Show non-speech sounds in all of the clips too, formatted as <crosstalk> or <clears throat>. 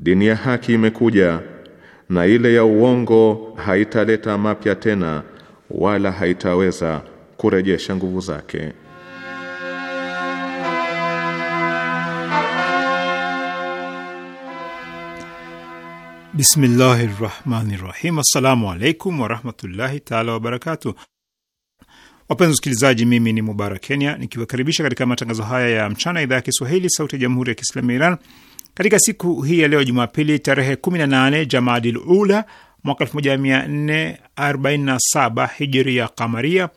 dini ya haki imekuja na ile ya uongo haitaleta mapya tena wala haitaweza kurejesha nguvu zake. Bismillahi rahmani rahim. Assalamu alaikum warahmatullahi taala wabarakatu. Wapenzi wasikilizaji, mimi ni Mubarak Kenya nikiwakaribisha katika matangazo haya ya mchana, idhaa ya Kiswahili, sauti ya jamhuri ya kiislamu ya Iran katika siku hii ya leo Jumapili tarehe 18 Jamadil Ula mwaka 1447 Hijria Kamaria,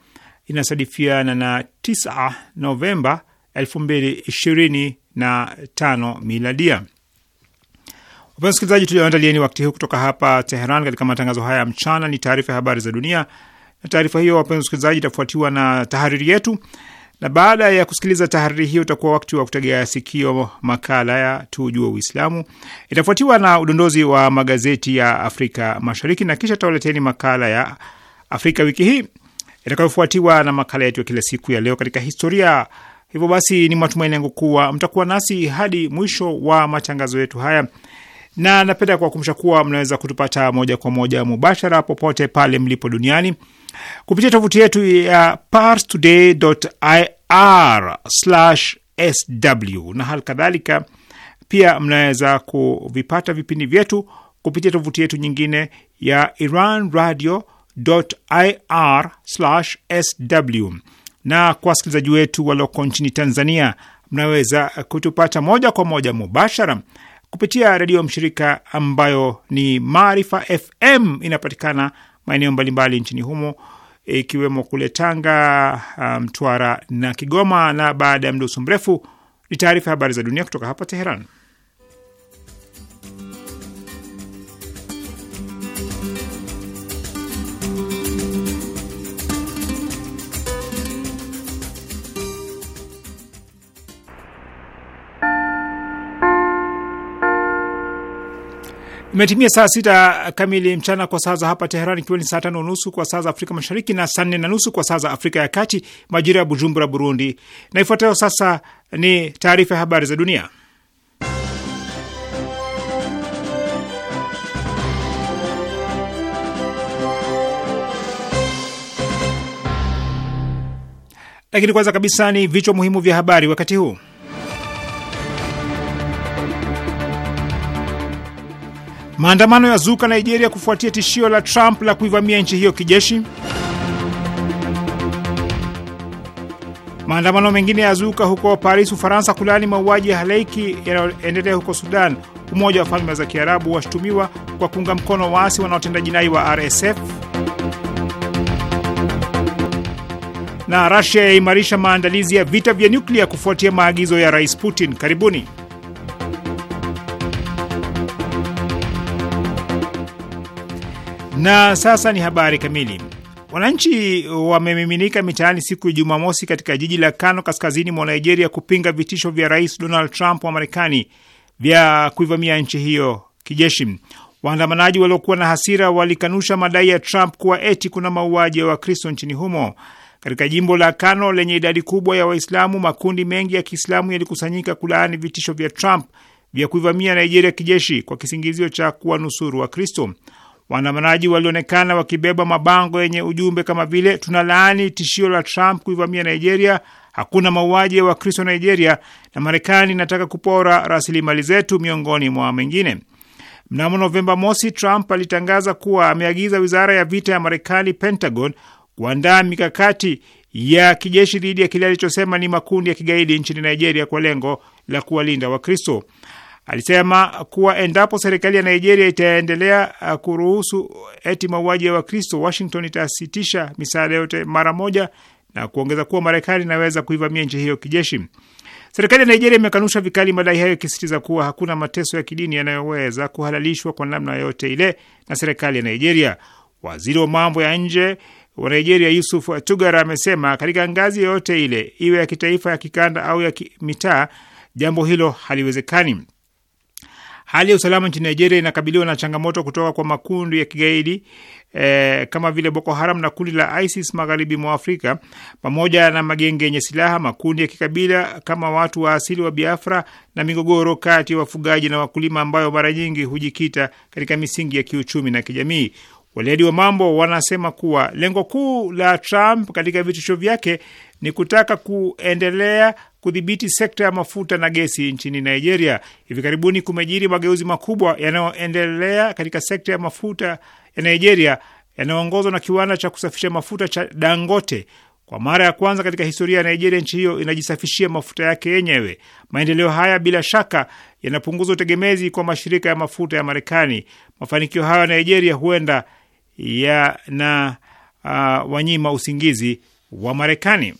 inasadifiana na 9 Novemba 2025 Miladia. Wapenzi wasikilizaji, tulioandalieni wakati huu kutoka hapa Teheran katika matangazo haya ya mchana ni taarifa ya habari za dunia, na taarifa hiyo wapenzi wasikilizaji, itafuatiwa na tahariri yetu na baada ya kusikiliza tahariri hiyo, utakuwa wakati wa kutegea sikio makala ya tujue Uislamu, itafuatiwa na udondozi wa magazeti ya Afrika Mashariki, na kisha tawaleteni makala ya Afrika wiki hii itakayofuatiwa na makala yetu ya kila siku ya leo katika historia. Hivyo basi, ni matumaini yangu kuwa mtakuwa nasi hadi mwisho wa matangazo yetu haya, na napenda kuwakumbusha kuwa mnaweza kutupata moja kwa moja mubashara popote pale mlipo duniani kupitia tovuti yetu ya parstoday.ir/sw na hali kadhalika. Pia mnaweza kuvipata vipindi vyetu kupitia tovuti yetu nyingine ya iranradio.ir/sw, na kwa wasikilizaji wetu walioko nchini Tanzania, mnaweza kutupata moja kwa moja mubashara kupitia redio mshirika ambayo ni Maarifa FM, inapatikana maeneo mbalimbali nchini humo ikiwemo kule Tanga, um, Mtwara um, na Kigoma. Na baada ya muda mrefu ni taarifa ya habari za dunia kutoka hapa Teheran. Umetimia saa sita kamili mchana kwa saa za hapa Teheran, ikiwa ni saa tano nusu kwa saa za Afrika Mashariki na saa nne na nusu kwa saa za Afrika ya Kati, majira ya Bujumbura, Burundi. Na ifuatayo sasa ni taarifa ya habari za dunia, lakini kwanza kabisa ni vichwa muhimu vya habari wakati huu. Maandamano ya zuka Nigeria kufuatia tishio la Trump la kuivamia nchi hiyo kijeshi. Maandamano mengine ya zuka huko Paris, Ufaransa, kulaani mauaji ya halaiki yanayoendelea huko Sudan. Umoja wa Falme za Kiarabu washutumiwa kwa kuunga mkono waasi wanaotenda jinai wa RSF. Na Rasia yaimarisha maandalizi ya vita vya nyuklia kufuatia maagizo ya Rais Putin. Karibuni. Na sasa ni habari kamili. Wananchi wamemiminika mitaani siku ya Jumamosi katika jiji la Kano kaskazini mwa Nigeria kupinga vitisho vya Rais Donald Trump wa Marekani vya kuivamia nchi hiyo kijeshi. Waandamanaji waliokuwa na hasira walikanusha madai ya Trump kuwa eti kuna mauaji ya Wakristo nchini humo. Katika jimbo la Kano lenye idadi kubwa ya Waislamu, makundi mengi ya Kiislamu yalikusanyika kulaani vitisho vya Trump vya kuivamia Nigeria kijeshi kwa kisingizio cha kuwanusuru Wakristo. Waandamanaji walionekana wakibeba mabango yenye ujumbe kama vile tunalaani tishio la Trump kuivamia Nigeria, hakuna mauaji ya Wakristo Nigeria, na Marekani inataka kupora rasilimali zetu, miongoni mwa mengine. Mnamo Novemba mosi, Trump alitangaza kuwa ameagiza wizara ya vita ya Marekani, Pentagon, kuandaa mikakati ya kijeshi dhidi ya kile alichosema ni makundi ya kigaidi nchini Nigeria kwa lengo la kuwalinda Wakristo. Alisema kuwa endapo serikali ya Nigeria itaendelea uh, kuruhusu uh, eti mauaji ya Wakristo, Washington itasitisha misaada yote mara moja, na kuongeza kuwa Marekani inaweza kuivamia nchi hiyo kijeshi. Serikali ya Nigeria imekanusha vikali madai hayo, ikisisitiza kuwa hakuna mateso ya kidini yanayoweza kuhalalishwa kwa namna yoyote ile na serikali ya Nigeria. Waziri wa mambo ya nje wa Nigeria Yusuf Tugara amesema katika ngazi yoyote ile, iwe ya kitaifa, ya kikanda au ya mitaa, jambo hilo haliwezekani. Hali ya usalama nchini Nigeria inakabiliwa na changamoto kutoka kwa makundi ya kigaidi e, kama vile Boko Haram na kundi la ISIS magharibi mwa Afrika, pamoja na magenge yenye silaha, makundi ya kikabila kama watu wa asili wa Biafra na migogoro kati ya wafugaji na wakulima ambayo mara nyingi hujikita katika misingi ya kiuchumi na kijamii. Weledi wa mambo wanasema kuwa lengo kuu la Trump katika vitisho vyake ni kutaka kuendelea kudhibiti sekta ya mafuta na gesi nchini Nigeria. Hivi karibuni kumejiri mageuzi makubwa yanayoendelea katika sekta ya mafuta ya Nigeria yanayoongozwa na kiwanda cha kusafisha mafuta cha Dangote. Kwa mara ya kwanza katika historia ya Nigeria, nchi hiyo inajisafishia mafuta yake yenyewe. Maendeleo haya bila shaka yanapunguza utegemezi kwa mashirika ya mafuta ya Marekani. Mafanikio hayo ya Nigeria huenda yana uh, wanyima usingizi wa Marekani.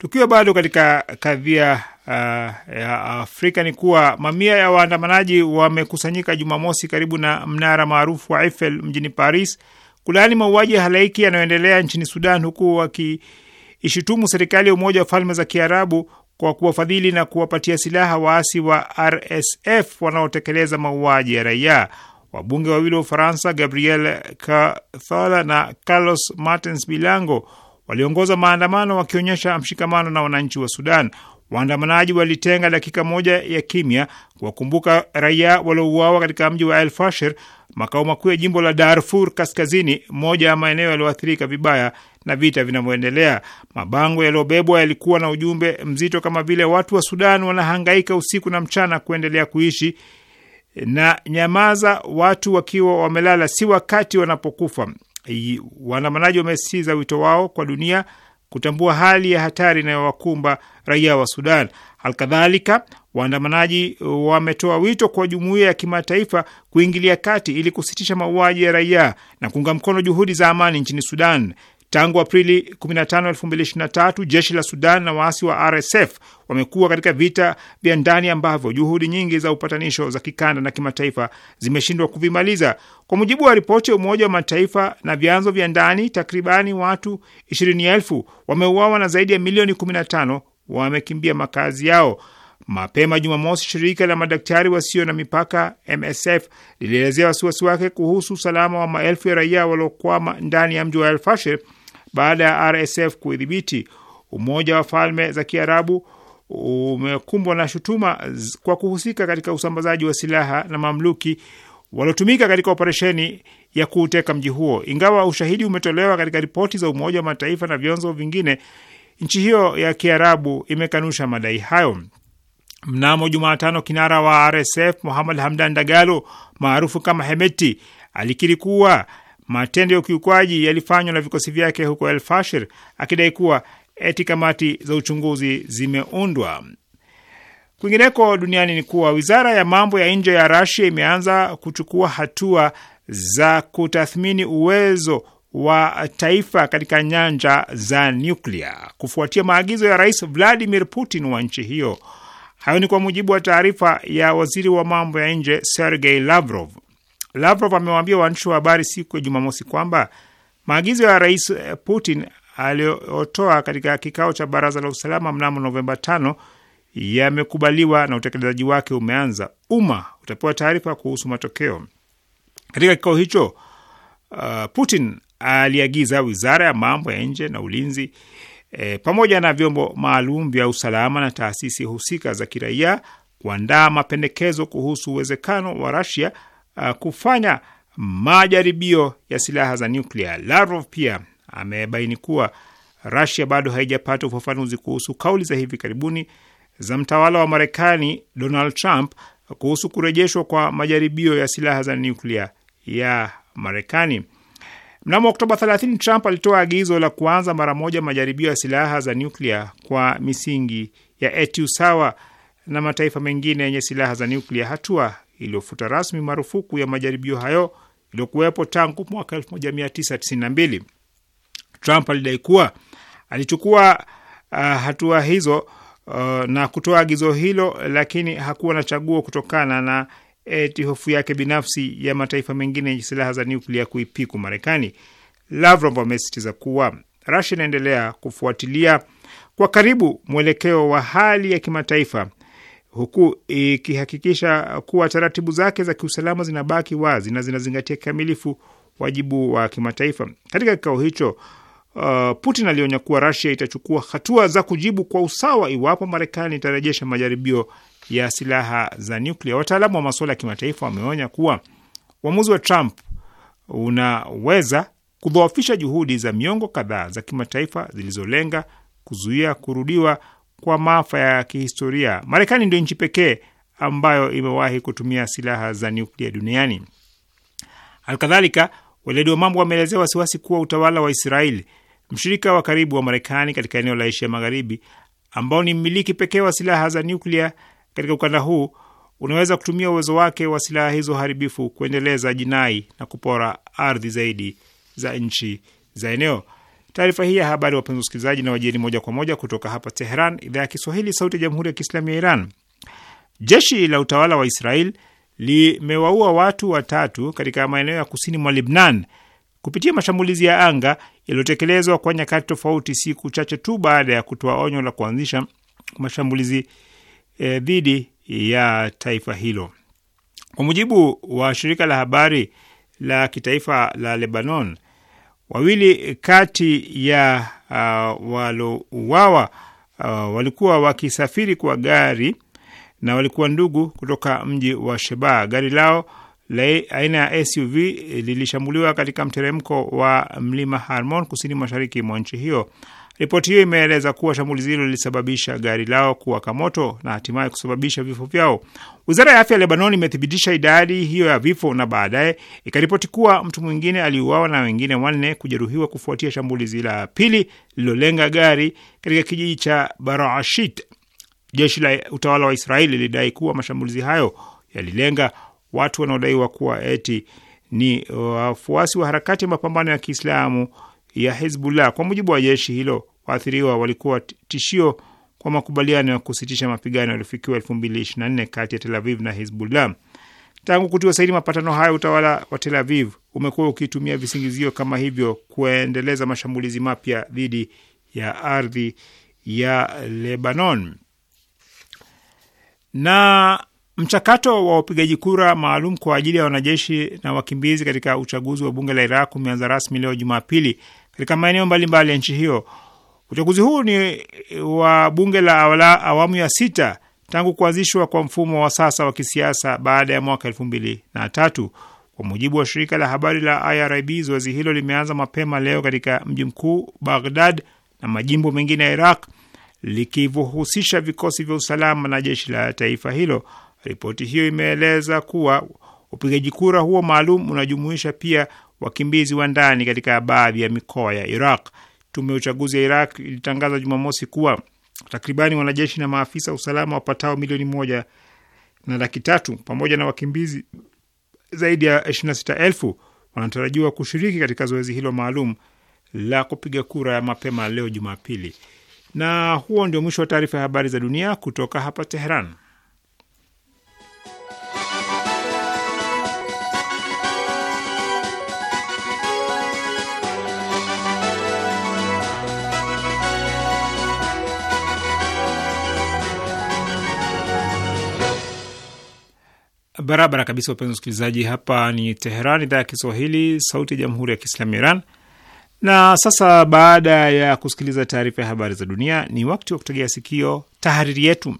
Tukiwa bado katika kadhia uh, ya Afrika ni kuwa mamia ya waandamanaji wamekusanyika Jumamosi karibu na mnara maarufu wa Eiffel mjini Paris kulaani mauaji ya halaiki yanayoendelea nchini Sudan, huku wakiishutumu serikali ya Umoja wa Falme za Kiarabu kwa kuwafadhili na kuwapatia silaha waasi wa RSF wanaotekeleza mauaji ya raia. Wabunge wawili wa Ufaransa, Gabriel Kathala na Carlos Martins Bilango waliongoza maandamano wakionyesha mshikamano na wananchi wa Sudan. Waandamanaji walitenga dakika moja ya kimya kuwakumbuka raia waliouawa katika mji wa El Fasher, makao makuu ya jimbo la Darfur Kaskazini, moja ya maeneo yaliyoathirika vibaya na vita vinavyoendelea. Mabango yaliyobebwa yalikuwa na ujumbe mzito kama vile watu wa Sudan wanahangaika usiku na mchana kuendelea kuishi na nyamaza, watu wakiwa wamelala, si wakati wanapokufa. Waandamanaji wamesitiza wito wao kwa dunia kutambua hali ya hatari inayowakumba raia wa Sudan. Alkadhalika, waandamanaji uh, wametoa wito kwa jumuiya ya kimataifa kuingilia kati ili kusitisha mauaji ya raia na kuunga mkono juhudi za amani nchini Sudan. Tangu Aprili 15, 2023 jeshi la Sudan na waasi wa RSF wamekuwa katika vita vya ndani ambavyo juhudi nyingi za upatanisho za kikanda na kimataifa zimeshindwa kuvimaliza. Kwa mujibu wa ripoti ya Umoja wa Mataifa na vyanzo vya ndani, takribani watu 20,000 wameuawa na zaidi ya milioni 15 wamekimbia makazi yao. Mapema Jumamosi, shirika la madaktari wasio na mipaka MSF lilielezea wasiwasi wake kuhusu usalama wa maelfu ya raia waliokwama ndani ya mji wa El baada ya RSF kuidhibiti. Umoja wa Falme za Kiarabu umekumbwa na shutuma kwa kuhusika katika usambazaji wa silaha na mamluki waliotumika katika operesheni ya kuuteka mji huo. Ingawa ushahidi umetolewa katika ripoti za Umoja wa Mataifa na vyanzo vingine, nchi hiyo ya Kiarabu imekanusha madai hayo. Mnamo Jumatano, kinara wa RSF Muhammad Hamdan Dagalo maarufu kama Hemeti alikiri kuwa Matendo ya ukiukwaji yalifanywa na vikosi vyake huko El Fashir, akidai kuwa eti kamati za uchunguzi zimeundwa. Kwingineko duniani ni kuwa wizara ya mambo ya nje ya Rasia imeanza kuchukua hatua za kutathmini uwezo wa taifa katika nyanja za nyuklia kufuatia maagizo ya Rais Vladimir Putin wa nchi hiyo. Hayo ni kwa mujibu wa taarifa ya waziri wa mambo ya nje Sergei Lavrov. Lavrov amewaambia waandishi wa habari siku ya Jumamosi kwamba maagizo ya Rais eh, Putin aliyotoa katika kikao cha baraza la usalama mnamo Novemba tano yamekubaliwa na utekelezaji wake umeanza. Umma utapewa taarifa kuhusu matokeo. Katika kikao hicho, uh, Putin aliagiza wizara ya mambo ya nje na ulinzi e, pamoja na vyombo maalum vya usalama na taasisi husika za kiraia kuandaa mapendekezo kuhusu uwezekano wa Rasia Uh, kufanya majaribio ya silaha za nyuklia. Lavrov pia amebaini kuwa Russia bado haijapata ufafanuzi kuhusu kauli za hivi karibuni za mtawala wa Marekani Donald Trump kuhusu kurejeshwa kwa majaribio ya silaha za nyuklia ya Marekani. Mnamo Oktoba 30 Trump alitoa agizo la kuanza mara moja majaribio ya silaha za nyuklia kwa misingi ya eti usawa na mataifa mengine yenye silaha za nyuklia, hatua iliyofuta rasmi marufuku ya majaribio hayo iliyokuwepo tangu mwaka 1992. Trump alidai kuwa alichukua uh, hatua hizo uh, na kutoa agizo hilo, lakini hakuwa na chaguo kutokana na eti hofu yake binafsi ya mataifa mengine yenye silaha za nyuklia kuipiku Marekani. Lavrov amesisitiza kuwa Rusia inaendelea kufuatilia kwa karibu mwelekeo wa hali ya kimataifa huku ikihakikisha kuwa taratibu zake za kiusalama zinabaki wazi na zinazingatia kikamilifu wajibu wa kimataifa. Katika kikao hicho, uh, Putin alionya kuwa Russia itachukua hatua za kujibu kwa usawa iwapo Marekani itarejesha majaribio ya silaha za nyuklia. Wataalamu wa masuala ya kimataifa wameonya kuwa uamuzi wa Trump unaweza kudhoofisha juhudi za miongo kadhaa za kimataifa zilizolenga kuzuia kurudiwa kwa maafa ya kihistoria. Marekani ndio nchi pekee ambayo imewahi kutumia silaha za nyuklia duniani. Alkadhalika, weledi wa mambo wameelezea wasiwasi kuwa utawala wa Israeli, mshirika wa karibu wa Marekani katika eneo la Asia Magharibi, ambao ni mmiliki pekee wa silaha za nyuklia katika ukanda huu, unaweza kutumia uwezo wake wa silaha hizo haribifu kuendeleza jinai na kupora ardhi zaidi za nchi za eneo. Taarifa hii ya habari, wapenzi wasikilizaji, na wajieni moja kwa moja kutoka hapa Teheran, idhaa ya Kiswahili, sauti ya jamhuri ya kiislamu ya Iran. Jeshi la utawala wa Israel limewaua watu watatu katika maeneo ya kusini mwa Lebnan kupitia mashambulizi ya anga yaliyotekelezwa kwa nyakati tofauti, siku chache tu baada ya kutoa onyo la kuanzisha mashambulizi e, dhidi e, ya taifa hilo. Kwa mujibu wa shirika la habari la kitaifa la Lebanon, Wawili kati ya uh, walouawa uh, walikuwa wakisafiri kwa gari na walikuwa ndugu kutoka mji wa sheba Gari lao aina ya SUV lilishambuliwa katika mteremko wa mlima Harmon kusini mashariki mwa nchi hiyo. Ripoti hiyo imeeleza kuwa shambulizi hilo lilisababisha gari lao kuwaka moto na hatimaye kusababisha vifo vyao. Wizara ya afya ya Lebanon imethibitisha idadi hiyo ya vifo na baadaye ikaripoti kuwa mtu mwingine aliuawa na wengine wanne kujeruhiwa kufuatia shambulizi la pili lililolenga gari katika kijiji cha Barashit. Jeshi la utawala wa Israeli lilidai kuwa mashambulizi hayo yalilenga watu wanaodaiwa kuwa eti ni wafuasi wa harakati ya mapambano ya Kiislamu ya Hezbollah. Kwa mujibu wa jeshi hilo, waathiriwa walikuwa tishio kwa makubaliano ya kusitisha mapigano yaliyofikiwa 2024 kati ya Tel Aviv na Hizbullah. Tangu kutiwa saini mapatano hayo, utawala wa Tel Aviv umekuwa ukitumia visingizio kama hivyo kuendeleza mashambulizi mapya dhidi ya ardhi ya Lebanon. Na mchakato wa upigaji kura maalum kwa ajili ya wanajeshi na wakimbizi katika uchaguzi wa bunge la Iraq umeanza rasmi leo Jumapili katika maeneo mbalimbali ya nchi hiyo. Uchaguzi huu ni e, wa bunge la awala, awamu ya sita tangu kuanzishwa kwa mfumo wa sasa wa kisiasa baada ya mwaka elfu mbili na tatu. Kwa mujibu wa shirika la habari la IRIB, zoezi hilo limeanza mapema leo katika mji mkuu Baghdad na majimbo mengine ya Iraq likivyohusisha vikosi vya usalama na jeshi la taifa hilo. Ripoti hiyo imeeleza kuwa upigaji kura huo maalum unajumuisha pia wakimbizi wa ndani katika baadhi ya mikoa ya Iraq tume ya uchaguzi ya Iraq ilitangaza Jumamosi kuwa takribani wanajeshi na maafisa usalama wapatao milioni moja na laki tatu pamoja na wakimbizi zaidi ya elfu wanatarajiwa kushiriki katika zoezi hilo maalum la kupiga kura ya mapema leo Jumapili. Na huo ndio mwisho wa taarifa ya habari za dunia kutoka hapa Teheran. barabara kabisa, wapenzi wasikilizaji. Hapa ni Teheran, idhaa ya Kiswahili, sauti ya jamhuri ya kiislamu Iran. Na sasa baada ya kusikiliza taarifa ya habari za dunia, ni wakati wa kutegea sikio tahariri yetu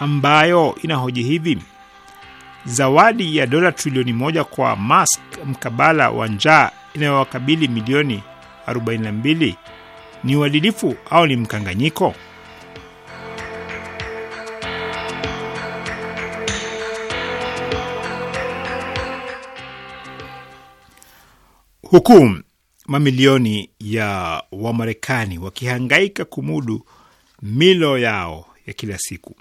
ambayo inahoji hivi: zawadi ya dola trilioni moja kwa Musk mkabala wa njaa inayowakabili milioni 42 ni uadilifu au ni mkanganyiko? huku mamilioni ya Wamarekani wakihangaika kumudu milo yao ya kila siku.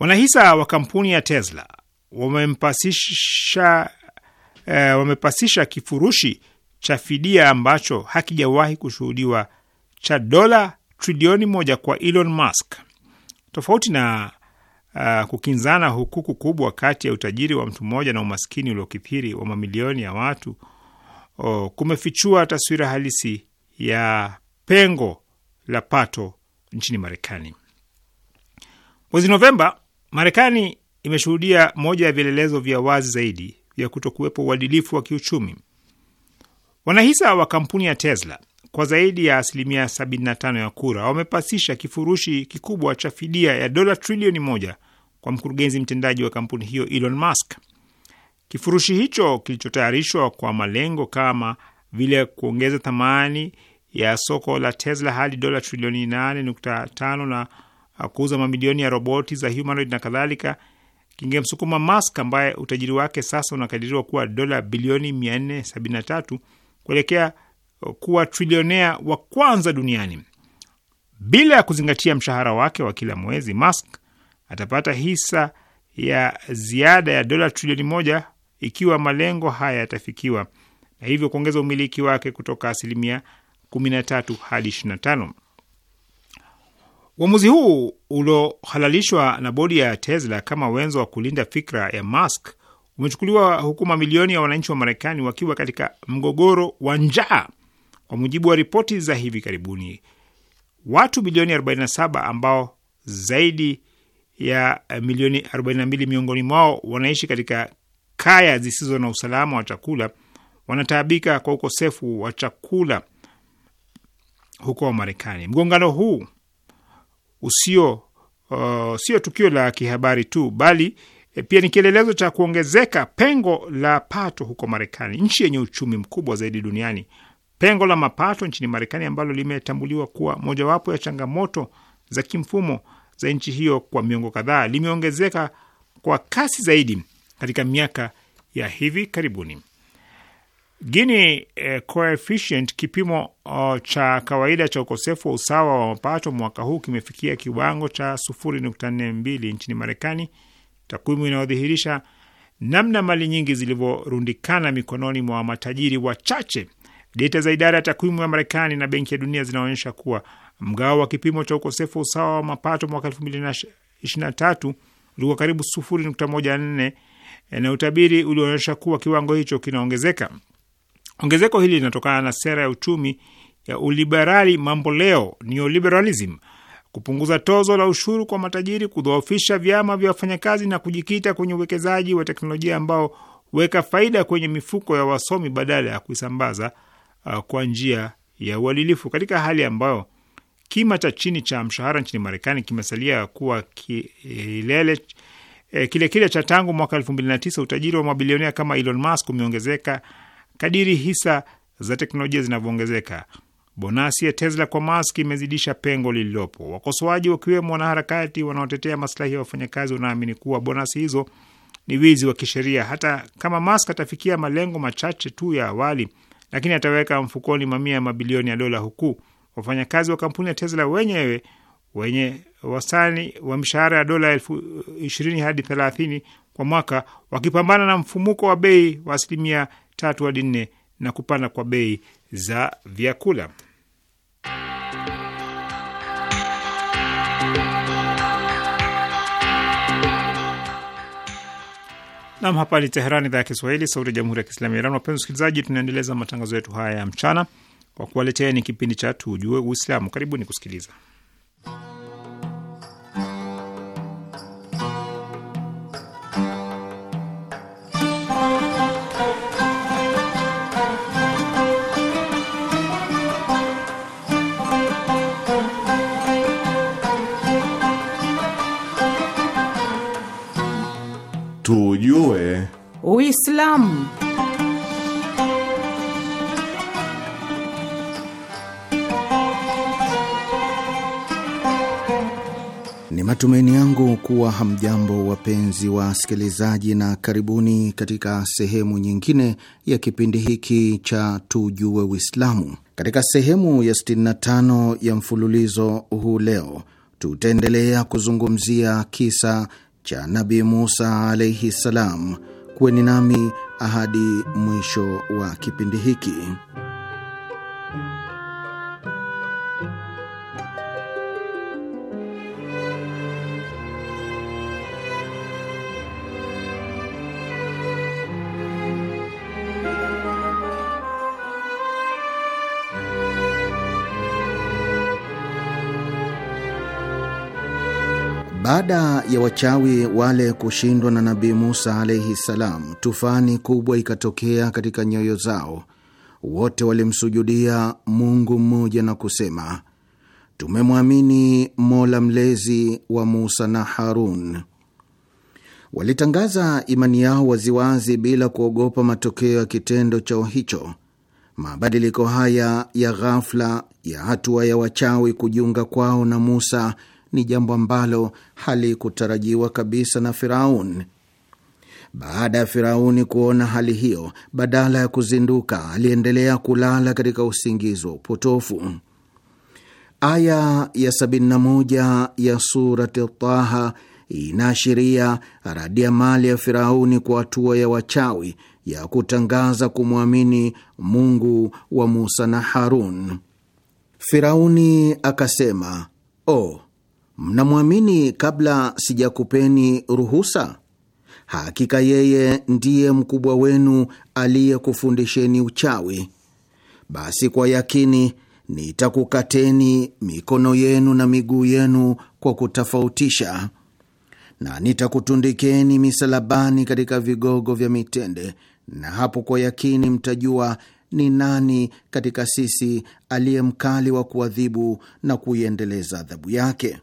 Wanahisa wa kampuni ya Tesla wamepasisha eh, wamepasisha kifurushi cha fidia ambacho hakijawahi kushuhudiwa cha dola trilioni moja kwa Elon Musk. Tofauti na uh, kukinzana hukuku kubwa kati ya utajiri wa mtu mmoja na umaskini uliokithiri wa mamilioni ya watu oh, kumefichua taswira halisi ya pengo la pato nchini Marekani. Mwezi Novemba, Marekani imeshuhudia moja ya vielelezo vya wazi zaidi vya kutokuwepo uadilifu wa kiuchumi. Wanahisa wa kampuni ya Tesla kwa zaidi ya asilimia 75 ya kura wamepasisha kifurushi kikubwa cha fidia ya dola trilioni moja kwa mkurugenzi mtendaji wa kampuni hiyo Elon Musk. Kifurushi hicho kilichotayarishwa kwa malengo kama vile kuongeza thamani ya soko la Tesla hadi dola trilioni 8.5 na kuuza mamilioni ya roboti za humanoid na kadhalika, kingemsukuma Musk ambaye utajiri wake sasa unakadiriwa kuwa dola bilioni 473 kuelekea kuwa trilionea wa kwanza duniani. Bila ya kuzingatia mshahara wake wa kila mwezi, Musk atapata hisa ya ziada ya dola trilioni moja ikiwa malengo haya yatafikiwa na hivyo kuongeza umiliki wake kutoka asilimia 13 hadi 25. Uamuzi huu uliohalalishwa na bodi ya Tesla kama wenzo wa kulinda fikra ya Musk umechukuliwa huku mamilioni ya wananchi wa Marekani wakiwa katika mgogoro wa njaa. Kwa mujibu wa ripoti za hivi karibuni, watu bilioni 47 ambao zaidi ya eh, milioni 42 miongoni mwao wanaishi katika kaya zisizo na usalama wa chakula, wanataabika kwa ukosefu wa chakula huko Marekani. Mgongano huu usio uh, sio tukio la kihabari tu, bali e, pia ni kielelezo cha kuongezeka pengo la pato huko Marekani, nchi yenye uchumi mkubwa zaidi duniani. Pengo la mapato nchini Marekani ambalo limetambuliwa kuwa mojawapo ya changamoto za kimfumo za nchi hiyo kwa miongo kadhaa limeongezeka kwa kasi zaidi katika miaka ya hivi karibuni. Gini eh, coefficient kipimo oh, cha kawaida cha ukosefu wa usawa wa mapato mwaka huu kimefikia kiwango cha 0.42 nchini Marekani, takwimu inayodhihirisha namna mali nyingi zilivyorundikana mikononi mwa matajiri wachache. Data za idara ya takwimu ya Marekani na Benki ya Dunia zinaonyesha kuwa mgao wa kipimo cha ukosefu usawa wa mapato mwaka 2023 ulikuwa karibu 0.14 eh, na utabiri ulionyesha kuwa kiwango hicho kinaongezeka. Ongezeko hili linatokana na sera ya uchumi ya uliberali mamboleo, neoliberalism, kupunguza tozo la ushuru kwa matajiri, kudhoofisha vyama vya wafanyakazi na kujikita kwenye uwekezaji wa teknolojia ambao weka faida kwenye mifuko ya wasomi badala ya kuisambaza uh, kwa njia ya uadilifu katika hali ambayo Kima cha chini cha mshahara nchini Marekani kimesalia kuwa kilele eh, kile kile cha tangu mwaka elfu mbili na tisa. Utajiri wa mabilionea kama Elon Musk umeongezeka kadiri hisa za teknolojia zinavyoongezeka. Bonasi ya Tesla kwa Musk imezidisha pengo lililopo. Wakosoaji wakiwemo wanaharakati wanaotetea maslahi ya wafanyakazi wanaamini kuwa bonasi hizo ni wizi wa kisheria. Hata kama Musk atafikia malengo machache tu ya awali, lakini ataweka mfukoni mamia ya mabilioni ya dola, huku Wafanyakazi wa kampuni ya Tesla wenyewe wenye wastani wa mshahara ya dola elfu ishirini hadi thelathini kwa mwaka wakipambana na mfumuko wa bei wa asilimia tatu hadi nne na kupanda kwa bei za vyakula. Nam, hapa ni Teherani, idhaa ya Kiswahili, sauti ya jamhuri ya kiislamu ya Iran. Wapenzi wasikilizaji, tunaendeleza matangazo yetu haya ya mchana kwa kuwaletea ni kipindi cha Tujue Uislamu. Karibuni kusikiliza. Tujue Uislamu. matumaini yangu kuwa hamjambo wapenzi wa sikilizaji, na karibuni katika sehemu nyingine ya kipindi hiki cha tujue Uislamu. Katika sehemu ya 65 ya mfululizo huu leo tutaendelea kuzungumzia kisa cha Nabi Musa alaihi ssalam. Kuweni nami ahadi mwisho wa kipindi hiki. Baada ya wachawi wale kushindwa na Nabii Musa alaihi ssalam, tufani kubwa ikatokea katika nyoyo zao. Wote walimsujudia Mungu mmoja na kusema, tumemwamini Mola mlezi wa Musa na Harun. Walitangaza imani yao waziwazi bila kuogopa matokeo ya kitendo chao hicho. Mabadiliko haya ya ghafla ya hatua ya wachawi kujiunga kwao na Musa ni jambo ambalo halikutarajiwa kabisa na Firaun. Baada ya Firauni kuona hali hiyo, badala ya kuzinduka, aliendelea kulala katika usingizi wa upotofu. Aya ya 71 ya Surati Taha inaashiria mali ya Firauni kwa hatua ya wachawi ya kutangaza kumwamini Mungu wa Musa na Harun. Firauni akasema, o oh, mnamwamini kabla sijakupeni ruhusa? Hakika yeye ndiye mkubwa wenu aliyekufundisheni uchawi. Basi kwa yakini nitakukateni mikono yenu na miguu yenu kwa kutofautisha, na nitakutundikeni misalabani katika vigogo vya mitende, na hapo kwa yakini mtajua ni nani katika sisi aliye mkali wa kuadhibu na kuiendeleza adhabu yake.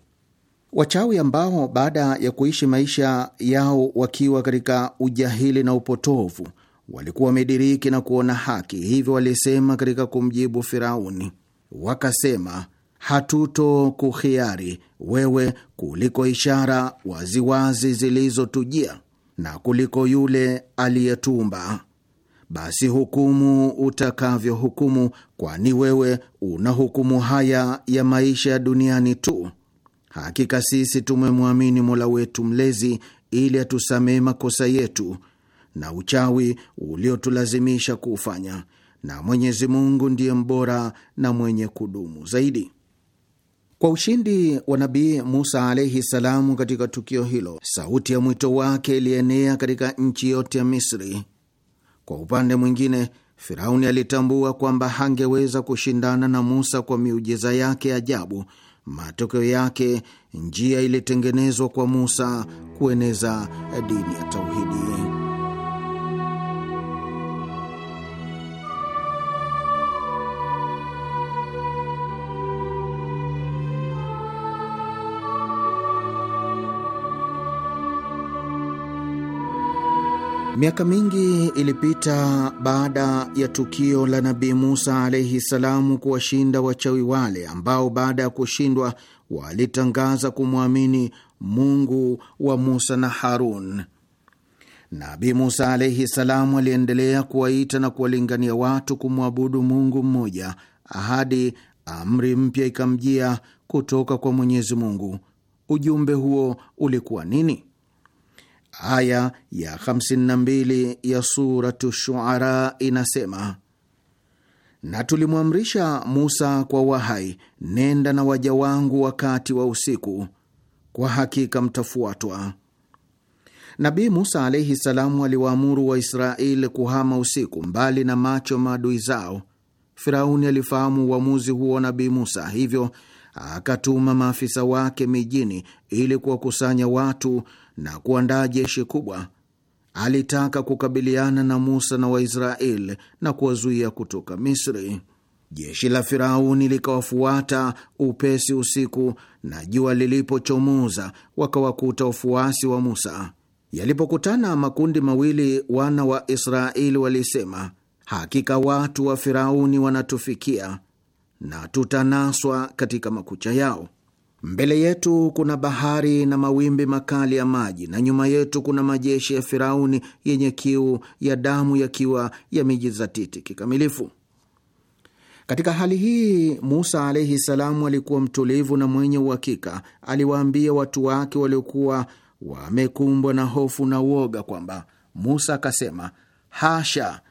Wachawi ambao baada ya kuishi maisha yao wakiwa katika ujahili na upotovu walikuwa wamediriki na kuona haki, hivyo walisema katika kumjibu Firauni, wakasema hatuto kuhiari wewe kuliko ishara waziwazi zilizotujia na kuliko yule aliyetumba. Basi hukumu utakavyohukumu, kwani wewe una hukumu haya ya maisha ya duniani tu. Hakika sisi tumemwamini Mola wetu Mlezi ili atusamehe makosa yetu na uchawi uliotulazimisha kuufanya, na Mwenyezi Mungu ndiye mbora na mwenye kudumu zaidi. Kwa ushindi wa Nabii Musa alaihi salamu katika tukio hilo, sauti ya mwito wake ilienea katika nchi yote ya Misri. Kwa upande mwingine, Firauni alitambua kwamba hangeweza kushindana na Musa kwa miujiza yake ajabu Matokeo yake njia ilitengenezwa kwa Musa kueneza dini ya tauhidi. Miaka mingi ilipita baada ya tukio la Nabii Musa alaihi salamu kuwashinda wachawi wale ambao baada ya kushindwa walitangaza kumwamini Mungu wa Musa na Harun. Nabii Musa alaihi salamu aliendelea kuwaita na kuwalingania watu kumwabudu Mungu mmoja hadi amri mpya ikamjia kutoka kwa Mwenyezi Mungu. Ujumbe huo ulikuwa nini? Aya ya 52 ya Suratu Shuara inasema: na tulimwamrisha Musa kwa wahai, nenda na waja wangu wakati wa usiku, kwa hakika mtafuatwa. Nabii Musa alaihi salamu aliwaamuru Waisraeli kuhama usiku, mbali na macho maadui zao. Firauni alifahamu uamuzi huo wa Nabii Musa, hivyo akatuma maafisa wake mijini ili kuwakusanya watu na kuandaa jeshi kubwa. Alitaka kukabiliana na Musa na Waisraeli na kuwazuia kutoka Misri. Jeshi la Firauni likawafuata upesi usiku, na jua lilipochomoza wakawakuta ufuasi wa Musa. Yalipokutana makundi mawili, wana wa Israeli walisema, hakika watu wa Firauni wanatufikia na tutanaswa katika makucha yao. Mbele yetu kuna bahari na mawimbi makali ya maji, na nyuma yetu kuna majeshi ya Firauni yenye kiu ya damu yakiwa yamejizatiti kikamilifu. Katika hali hii Musa alaihi salamu alikuwa mtulivu na mwenye uhakika. Aliwaambia watu wake waliokuwa wamekumbwa na hofu na uoga kwamba Musa akasema, hasha,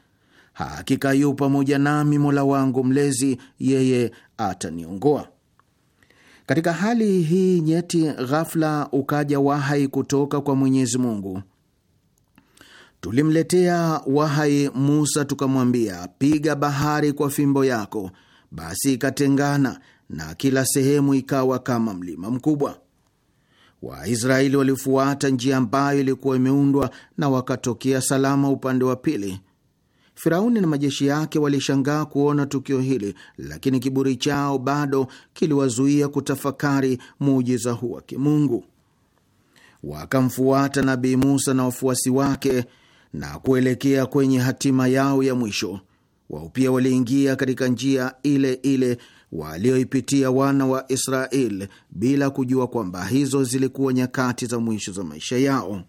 hakika yu pamoja nami Mola wangu Mlezi, yeye ataniongoa. Katika hali hii nyeti, ghafla ukaja wahai kutoka kwa Mwenyezi Mungu. Tulimletea wahai Musa tukamwambia, piga bahari kwa fimbo yako, basi ikatengana na kila sehemu ikawa kama mlima mkubwa. Waisraeli walifuata njia ambayo ilikuwa imeundwa na wakatokea salama upande wa pili. Firauni na majeshi yake walishangaa kuona tukio hili, lakini kiburi chao bado kiliwazuia kutafakari muujiza huu wa kimungu. Wakamfuata Nabii Musa na wafuasi wake na kuelekea kwenye hatima yao ya mwisho. Wao pia waliingia katika njia ile ile walioipitia wana wa Israeli bila kujua kwamba hizo zilikuwa nyakati za mwisho za maisha yao.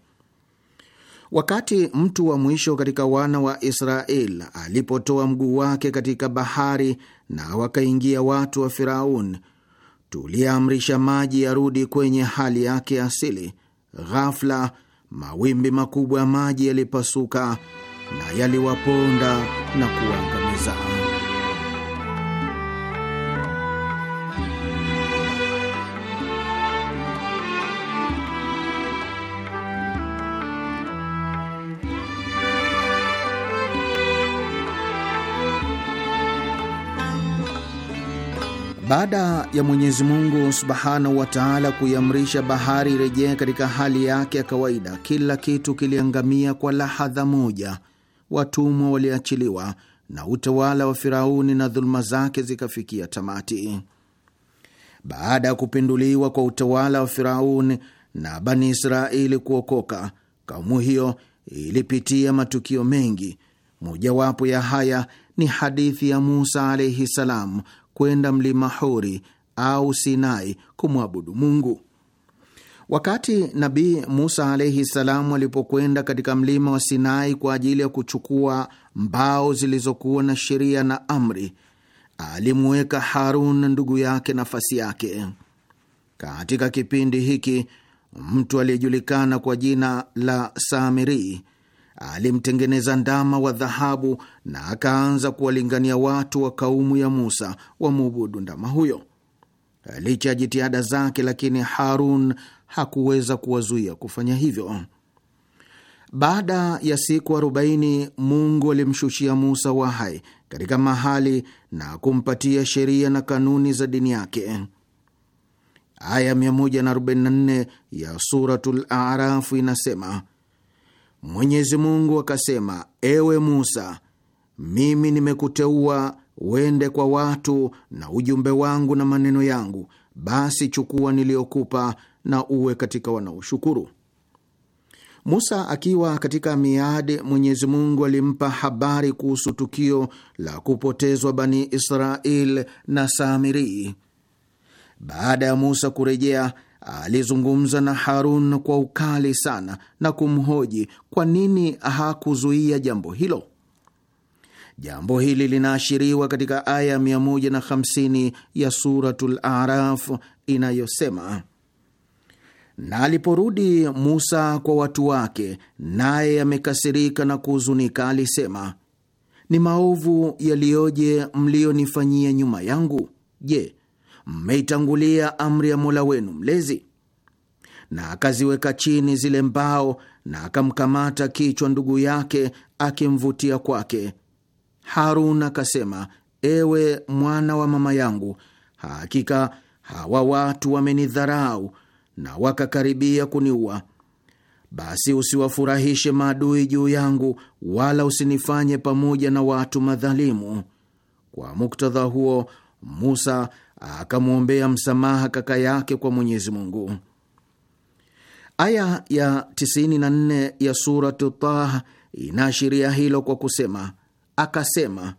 Wakati mtu wa mwisho katika wana wa israel alipotoa mguu wake katika bahari na wakaingia watu wa Firaun, tuliamrisha maji yarudi kwenye hali yake asili. Ghafla mawimbi makubwa ya maji yalipasuka na yaliwaponda na kuangamiza. Baada ya Mwenyezi Mungu subhanahu wa taala kuiamrisha bahari irejee katika hali yake ya kawaida, kila kitu kiliangamia kwa lahadha moja. Watumwa waliachiliwa na utawala wa Firauni na dhuluma zake zikafikia tamati. Baada ya kupinduliwa kwa utawala wa Firauni na Bani Israeli kuokoka, kaumu hiyo ilipitia matukio mengi. Mojawapo ya haya ni hadithi ya Musa alaihi salam kwenda mlima Hori au Sinai kumwabudu Mungu. Wakati Nabii Musa alaihi salamu alipokwenda katika mlima wa Sinai kwa ajili ya kuchukua mbao zilizokuwa na sheria na amri, alimuweka Harun ndugu yake nafasi yake. Katika kipindi hiki mtu aliyejulikana kwa jina la Samiri alimtengeneza ndama wa dhahabu na akaanza kuwalingania watu wa kaumu ya Musa wamwabudu ndama huyo. Licha ya jitihada zake, lakini Harun hakuweza kuwazuia kufanya hivyo. Baada ya siku arobaini Mungu alimshushia Musa wahai katika mahali na kumpatia sheria na kanuni za dini yake. Aya 144 ya Suratul Arafu inasema Mwenyezi Mungu akasema, ewe Musa, mimi nimekuteua uende kwa watu na ujumbe wangu na maneno yangu, basi chukua niliyokupa na uwe katika wanaoshukuru. Musa akiwa katika miadi, Mwenyezi Mungu alimpa habari kuhusu tukio la kupotezwa Bani Israel na Samiri. Baada ya Musa kurejea, alizungumza na Harun kwa ukali sana na kumhoji kwa nini hakuzuia jambo hilo. Jambo hili linaashiriwa katika aya 150 ya Suratul Araf inayosema na aliporudi Musa kwa watu wake, naye amekasirika na kuhuzunika, alisema, ni maovu yaliyoje mliyonifanyia nyuma yangu. Je, mmeitangulia amri ya Mola wenu Mlezi. Na akaziweka chini zile mbao, na akamkamata kichwa ndugu yake akimvutia kwake. Harun akasema, ewe mwana wa mama yangu, hakika hawa watu wamenidharau na wakakaribia kuniua. Basi usiwafurahishe maadui juu yangu, wala usinifanye pamoja na watu madhalimu. Kwa muktadha huo, Musa akamwombea msamaha kaka yake kwa Mwenyezi Mungu. Aya ya 94 ya Suratu Taha inaashiria hilo kwa kusema, akasema: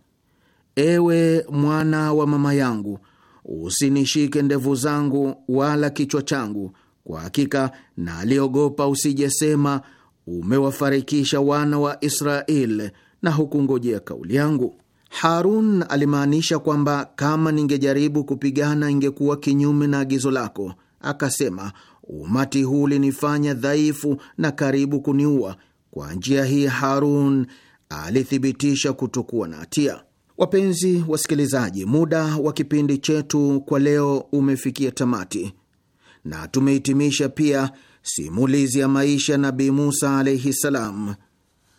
ewe mwana wa mama yangu, usinishike ndevu zangu wala kichwa changu, kwa hakika naliogopa usijesema umewafarikisha wana wa Israeli na hukungojea kauli yangu. Harun alimaanisha kwamba kama ningejaribu kupigana ingekuwa kinyume na agizo lako. Akasema, umati huu ulinifanya dhaifu na karibu kuniua. Kwa njia hii Harun alithibitisha kutokuwa na hatia. Wapenzi wasikilizaji, muda wa kipindi chetu kwa leo umefikia tamati na tumehitimisha pia simulizi ya maisha Nabii Musa alaihi salam.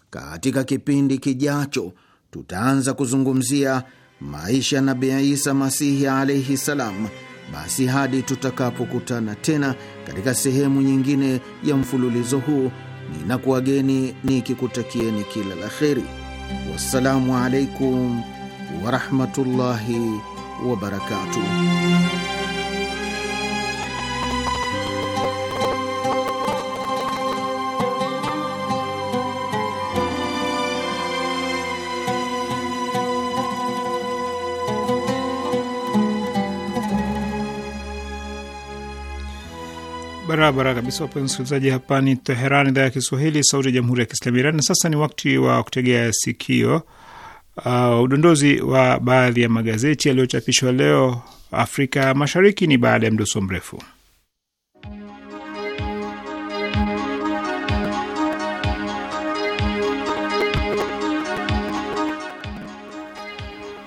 Katika kipindi kijacho tutaanza kuzungumzia maisha ya Nabii Isa Masihi alaihi salam. Basi hadi tutakapokutana tena katika sehemu nyingine ya mfululizo huu, ninakuwageni nikikutakieni kila la kheri. Wassalamu alaikum warahmatullahi wabarakatuh. barabara kabisa, wapenzi wasikilizaji, hapa ni Teheran, idhaa ya Kiswahili, sauti ya jamhuri ya kiislamu Iran. Na sasa ni wakati wa kutegea sikio uh, udondozi wa baadhi ya magazeti yaliyochapishwa leo Afrika Mashariki, ni baada ya mdoso mrefu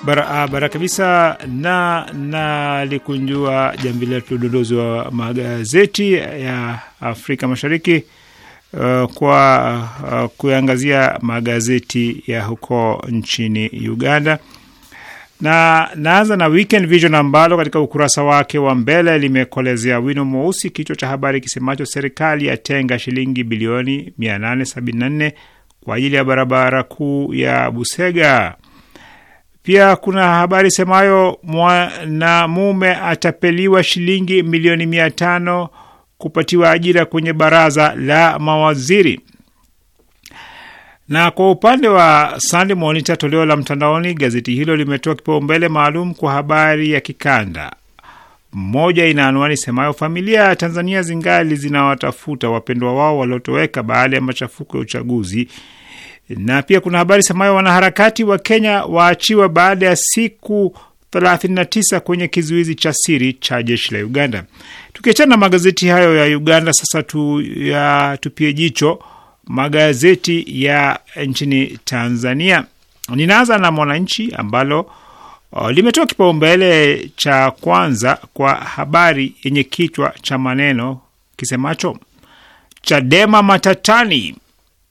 barabara ah, kabisa, na nalikunjua jambi letu udondozi wa magazeti ya Afrika Mashariki uh, kwa uh, kuangazia magazeti ya huko nchini Uganda na naanza na Weekend Vision ambalo katika ukurasa wake wa mbele limekolezea wino mweusi kichwa cha habari kisemacho serikali yatenga shilingi bilioni 874 kwa ajili ya barabara kuu ya Busega. Pia kuna habari semayo mwanamume atapeliwa shilingi milioni mia tano kupatiwa ajira kwenye baraza la mawaziri. Na kwa upande wa Sunday Monitor toleo la mtandaoni, gazeti hilo limetoa kipaumbele maalum kwa habari ya kikanda. Mmoja ina anwani semayo familia ya Tanzania zingali zinawatafuta wapendwa wao waliotoweka baada ya machafuko ya uchaguzi na pia kuna habari semayo wanaharakati wa Kenya waachiwa baada ya siku 39 kwenye kizuizi cha siri cha jeshi la Uganda. Tukiachana na magazeti hayo ya Uganda, sasa tu ya tupie jicho magazeti ya nchini Tanzania. Ninaanza na Mwananchi ambalo uh, limetoa kipaumbele cha kwanza kwa habari yenye kichwa cha maneno kisemacho Chadema matatani.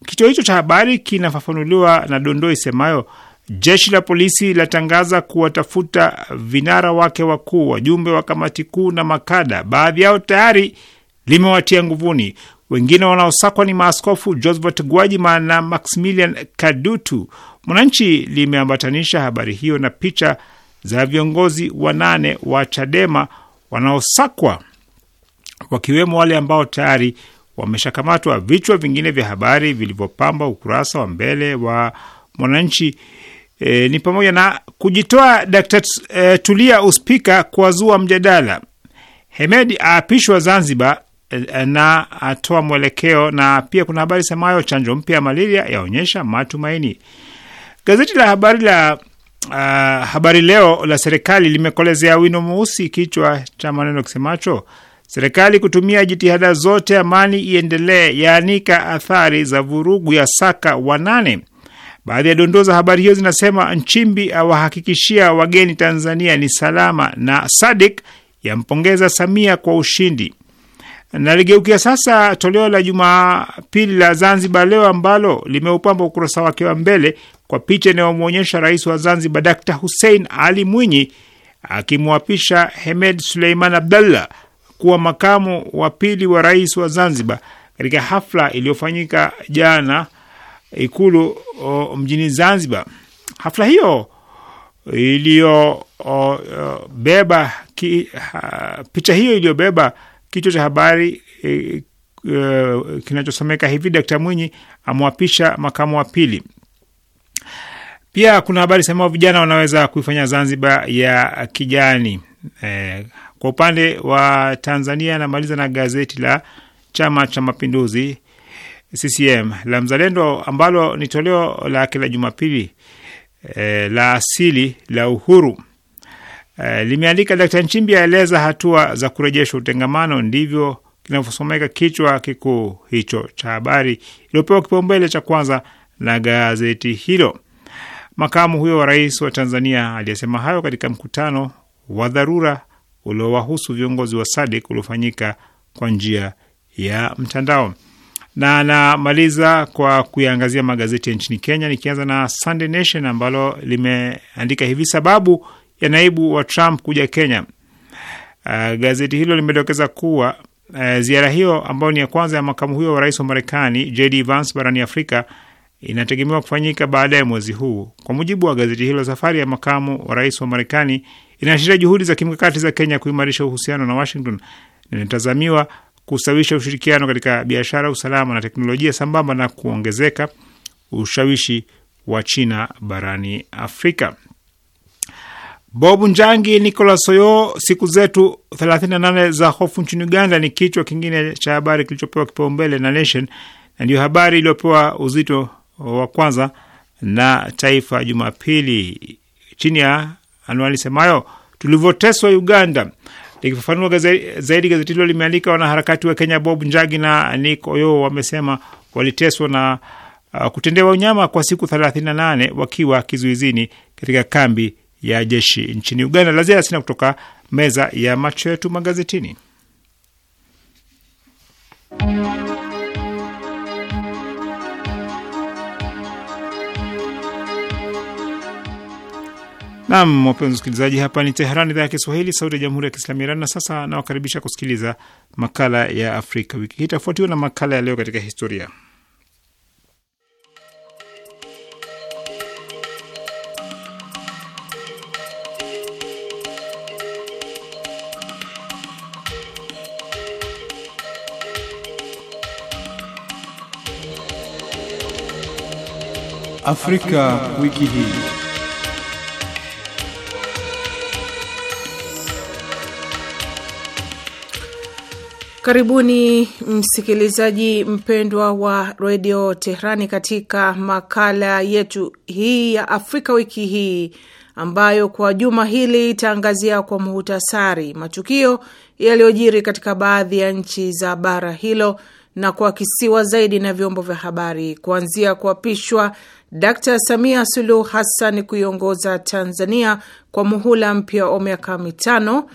Kituo hicho cha habari kinafafanuliwa na dondoo isemayo jeshi la polisi latangaza kuwatafuta vinara wake wakuu, wajumbe wa kamati kuu na makada. Baadhi yao tayari limewatia nguvuni. Wengine wanaosakwa ni maaskofu Josephat Gwajima na Maximilian Kadutu. Mwananchi limeambatanisha habari hiyo na picha za viongozi wanane wa Chadema wanaosakwa, wakiwemo wale ambao tayari wameshakamatwa. Vichwa vingine vya habari vilivyopamba ukurasa wa mbele wa Mwananchi e, ni pamoja na kujitoa Dkt e, Tulia uspika kuwazua mjadala, Hemedi aapishwa Zanzibar e, e, na atoa mwelekeo, na pia kuna habari semayo chanjo mpya ya malaria yaonyesha matumaini. Gazeti la habari la Uh, habari leo la serikali limekolezea wino mweusi kichwa cha maneno kisemacho serikali kutumia jitihada zote amani iendelee yaanika athari za vurugu ya Saka wanane. Baadhi ya dondoo za habari hiyo zinasema Nchimbi awahakikishia wageni Tanzania ni salama na Sadik yampongeza Samia kwa ushindi. Naligeukia sasa toleo la Jumapili la Zanzibar Leo ambalo limeupamba ukurasa wake wa mbele kwa picha inayomwonyesha rais wa Zanzibar Dr Hussein Ali Mwinyi akimwapisha Hemed Suleiman Abdallah kuwa makamu wa pili wa rais wa Zanzibar katika hafla iliyofanyika jana Ikulu o, mjini Zanzibar. Hafla hiyo iliyobeba picha hiyo iliyobeba kichwa cha habari e, e, kinachosomeka hivi: Dkt Mwinyi amwapisha makamu wa pili. Pia kuna habari sema vijana wanaweza kuifanya Zanzibar ya kijani. E, kwa upande wa Tanzania, anamaliza na gazeti la Chama cha Mapinduzi CCM la Mzalendo ambalo ni toleo la kila Jumapili e, la asili la Uhuru e, limeandika Dkt. Nchimbi aeleza hatua za kurejesha utengamano, ndivyo kinavyosomeka kichwa kikuu hicho cha habari iliyopewa kipaumbele cha kwanza na gazeti hilo. Makamu huyo wa rais wa Tanzania aliyesema hayo katika mkutano wa dharura uliowahusu viongozi wa SADC uliofanyika kwa njia ya mtandao. Na namaliza kwa kuyaangazia magazeti ya nchini Kenya, nikianza na Sunday Nation ambalo limeandika hivi sababu ya naibu wa Trump kuja Kenya. Uh, gazeti hilo limedokeza kuwa uh, ziara hiyo ambayo ni ya kwanza ya makamu huyo wa rais wa Marekani JD Vance barani Afrika inategemewa kufanyika baada ya mwezi huu. Kwa mujibu wa gazeti hilo, safari ya makamu wa rais wa Marekani inaashiria juhudi za kimkakati za Kenya kuimarisha uhusiano na Washington na inatazamiwa kusawisha ushirikiano katika biashara, usalama na teknolojia sambamba na kuongezeka ushawishi wa China barani Afrika. Bob Njangi Nicolas Soyo, siku zetu 38 za hofu nchini Uganda ni kichwa kingine cha habari kilichopewa kipaumbele na Nation, na ndiyo habari iliyopewa uzito wa kwanza na Taifa Jumapili chini ya anwani semayo tulivyoteswa Uganda. Likifafanua zaidi gazeti hilo limeandika wanaharakati wa Kenya Bob Njagi na Nick Oyo wamesema waliteswa na uh, kutendewa unyama kwa siku 38 wakiwa kizuizini katika kambi ya jeshi nchini Uganda. La ziada sina kutoka meza ya macho yetu magazetini. Nam, wapenzi wasikilizaji, hapa ni Teheran, idhaa ya Kiswahili, sauti ya jamhuri ya kiislamu Iran. Na sasa nawakaribisha kusikiliza makala ya Afrika wiki hii, itafuatiwa na makala ya leo katika historia. Afrika wiki hii. Karibuni msikilizaji mpendwa wa redio Tehrani katika makala yetu hii ya Afrika wiki hii ambayo kwa juma hili itaangazia kwa muhtasari matukio yaliyojiri katika baadhi ya nchi za bara hilo na kuakisiwa zaidi na vyombo vya habari kuanzia kuapishwa Dkt. Samia Suluhu Hassan kuiongoza Tanzania kwa muhula mpya wa miaka mitano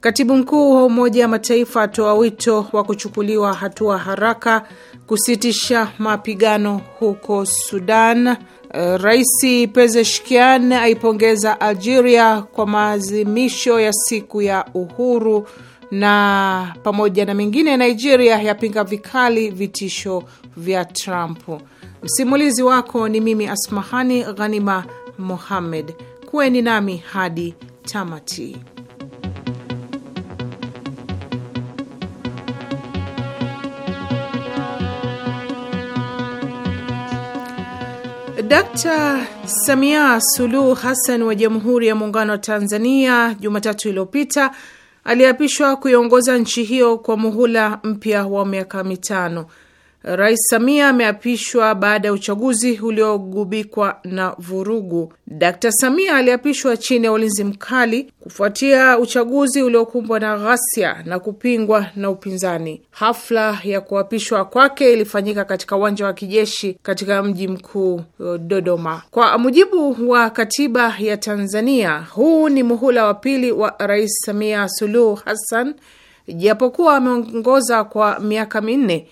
Katibu mkuu wa Umoja wa Mataifa atoa wito wa kuchukuliwa hatua haraka kusitisha mapigano huko Sudan. Eh, Rais Pezeshkian aipongeza Algeria kwa maadhimisho ya siku ya uhuru, na pamoja na mengine, Nigeria yapinga vikali vitisho vya Trump. Msimulizi wako ni mimi Asmahani Ghanima Mohammed. Kuweni nami hadi tamati. Dakta Samia Suluhu Hassan wa Jamhuri ya Muungano wa Tanzania Jumatatu iliyopita aliapishwa kuiongoza nchi hiyo kwa muhula mpya wa miaka mitano. Rais Samia ameapishwa baada ya uchaguzi uliogubikwa na vurugu. Dkt Samia aliapishwa chini ya ulinzi mkali kufuatia uchaguzi uliokumbwa na ghasia na kupingwa na upinzani. Hafla ya kuapishwa kwake ilifanyika katika uwanja wa kijeshi katika mji mkuu uh, Dodoma. Kwa mujibu wa katiba ya Tanzania, huu ni muhula wa pili wa Rais Samia Suluhu Hassan, japokuwa ameongoza kwa miaka minne